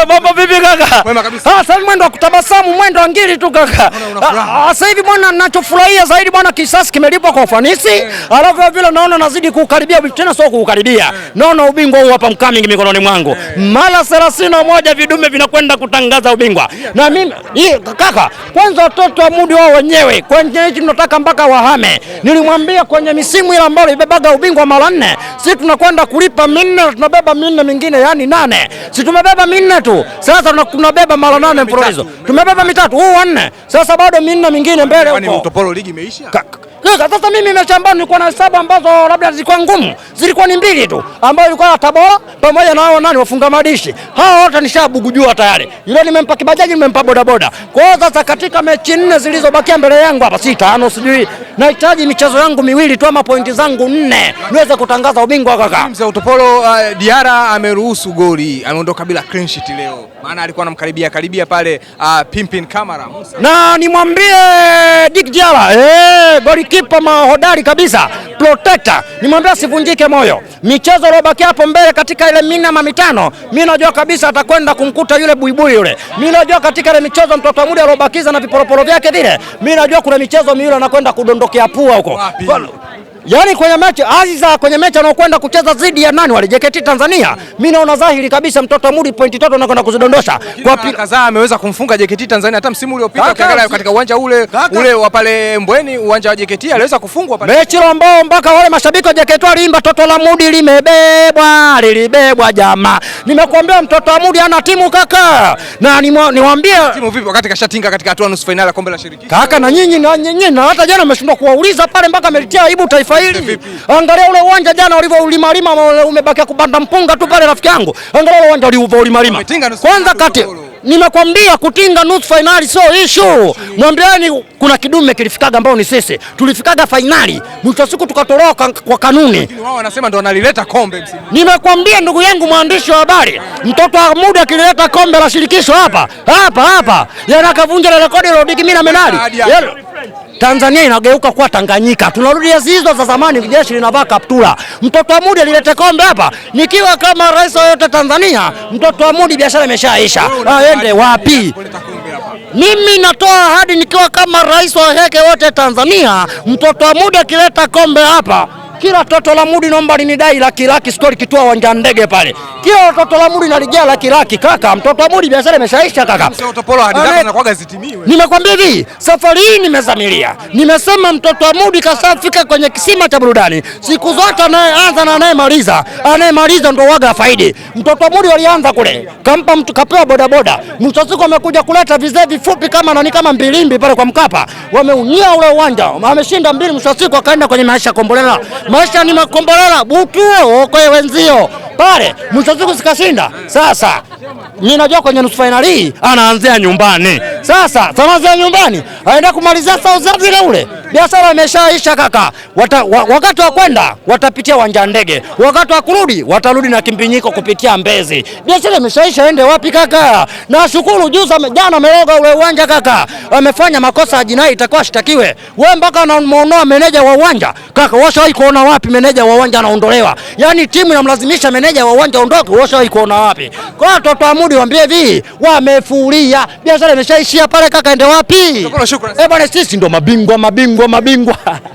Eh, mambo vipi kaka? Mwema kabisa. Ah, sasa mwendo wa kutabasamu, mwendo wa ngiri tu kaka. Ah, sasa hivi bwana, ninachofurahia zaidi bwana, kisasi kimelipwa kwa ufanisi. Eh. Alafu vile naona nazidi kukaribia tena, sio kuukaribia. Eh. Naona ubingwa huu hapa mkaming mikononi mwangu. Eh. Mara 31 vidume vinakwenda kutangaza ubingwa. Na mimi hii kaka, kwanza watoto wa mudi wao wenyewe. Kwenye hichi tunataka mpaka wahame. Nilimwambia kwenye misimu ile ambayo ibebaga ubingwa mara nne, sisi tunakwenda kulipa minne, tunabeba minne mingine yani nane. Sisi tumebeba minne mitatu sasa, tunabeba mara nane mfululizo, tumebeba mitatu huu wanne, sasa bado minne mingine mbele huko. Kwani ligi imeisha? Sasa sasa mimi nimechambana, nilikuwa na saba ambazo labda zilikuwa ngumu, zilikuwa ni mbili tu, ambayo ilikuwa Tabora pamoja na hao nani wafunga madishi hao wote nishabugujua tayari. Yule nimempa kibajaji, nimempa boda boda. Kwa hiyo sasa, katika mechi nne zilizobakia mbele yangu hapa, si tano, sijui nahitaji michezo yangu miwili tu ama pointi zangu nne niweze kutangaza ubingwa kaka. Mzee Utopolo, uh, Diara ameruhusu goli, ameondoka bila clean sheet leo, maana alikuwa anamkaribia karibia pale uh, Pimpin Kamara Musa. Na nimwambie Dick Diarra eh, golikipa mahodari kabisa, protector, nimwambie asivunjike moyo. Michezo iliyobakia hapo mbele katika ile mina ama mitano, mimi najua kabisa atakwenda kumkuta yule buibui yule. Mimi najua katika ile michezo mtoto muda aliyobakiza na viporoporo vyake vile, mimi najua kuna michezo miwili anakwenda kudondokea pua huko. Yaani kwenye mechi Aziza, kwenye mechi anaokwenda kucheza dhidi ya nani, wale JKT Tanzania, mimi naona dhahiri kabisa mtoto muri pointi tatu anakwenda kuzidondosha kwa kadhaa. Ameweza kumfunga JKT Tanzania hata msimu uliopita, ukiangalia katika uwanja ule kaka, ule wa pale Mbweni, uwanja wa JKT aliweza kufungwa pale mechi ile, ambao mpaka wale mashabiki wa JKT waliimba toto la Mudi limebebwa, lilibebwa jamaa. Nimekuambia mtoto wa Amudi ana timu kaka, na niwaambie timu vipi, wakati kashatinga katika hatua nusu finali ya kombe la shirikisho kaka, na nyinyi na nyinyi na hata jana mmeshindwa kuwauliza pale mpaka amelitia aibu taifa Kiswahili. Angalia ule uwanja jana ulivyolima lima, umebaki kubanda mpunga tu pale, rafiki yangu. Angalia ule uwanja ulivyo ulimalima Kwanza kati Nimekwambia kutinga nusu fainali sio issue. Mwambieni kuna kidume kilifikaga ambao ni sisi. Tulifikaga fainali, mwisho siku tukatoroka kwa kanuni. Wao wanasema ndo wanalileta kombe Nimekwambia ndugu yangu mwandishi wa habari, mtoto wa muda akilileta kombe la shirikisho hapa, hapa hapa. Yana kavunja rekodi la Diki Mina Menali. Tanzania inageuka kuwa Tanganyika, tunarudi enzi hizo za zamani, jeshi linavaa kaptula. Mtoto wa Mudi alilete kombe hapa, nikiwa kama rais yoyote Tanzania, mtoto wa Mudi biashara imeshaisha, aende ah, wapi? Mimi natoa ahadi nikiwa kama rais wa heke wote Tanzania, mtoto wa Mudi akileta kombe hapa kila toto la mudi naomba linidai laki laki, stori kituo uwanja ndege pale. Kila toto la mudi nalijaa laki laki. Kaka, mtoto wa mudi biashara imeshaisha kaka. Nimekwambia hivi, safari hii nimezamilia, nimesema mtoto wa mudi kasafika kwenye kisima cha burudani. Siku zote anayeanza na anayemaliza, anayemaliza ndo waga faidi. Mtoto wa mudi walianza kule, kampa mtu kapewa boda. mwisho siku amekuja kuleta vizee vifupi kama nani, kama mbilimbi pale kwa Mkapa, Wameunia ule uwanja, ameshinda mbili, mwisho siku akaenda kwenye maisha kombolela maisha ni makombolela butu okoe wenzio pale, mwisho siku sikashinda. Sasa mi najua kwenye nusu fainali anaanzia nyumbani. Sasa sanaanzia nyumbani aenda kumalizia South Africa ule biashara imeshaisha kaka. Wata, wa, wakati wa kwenda watapitia uwanja ndege, wakati wa kurudi watarudi na kimbinyiko kupitia Mbezi. Biashara imeshaisha, ende wapi kaka? Na shukuru juzi jana ameloga ule uwanja kaka, wamefanya makosa ya jinai, itakuwa shtakiwe wewe mpaka unamwondoa meneja wa uwanja kaka. Washawahi kuona wapi meneja wa uwanja anaondolewa? Yani timu inamlazimisha meneja wa uwanja aondoke, washawahi kuona wapi? Kwa hiyo wa Mudi waambie hivi, wamefuria biashara imeshaishia pale kaka, ende wapi? Eh bwana, sisi ndo mabingwa mabingwa mabingwa mabingwa